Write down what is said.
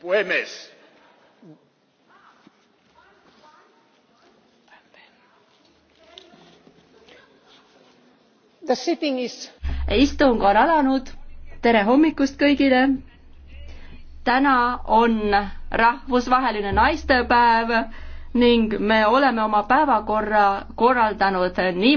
puhemies is... istung on alanud tere hommikust kõigile täna on rahvusvaheline naistepäev ning me oleme oma päevakorra korraldanud niimoodi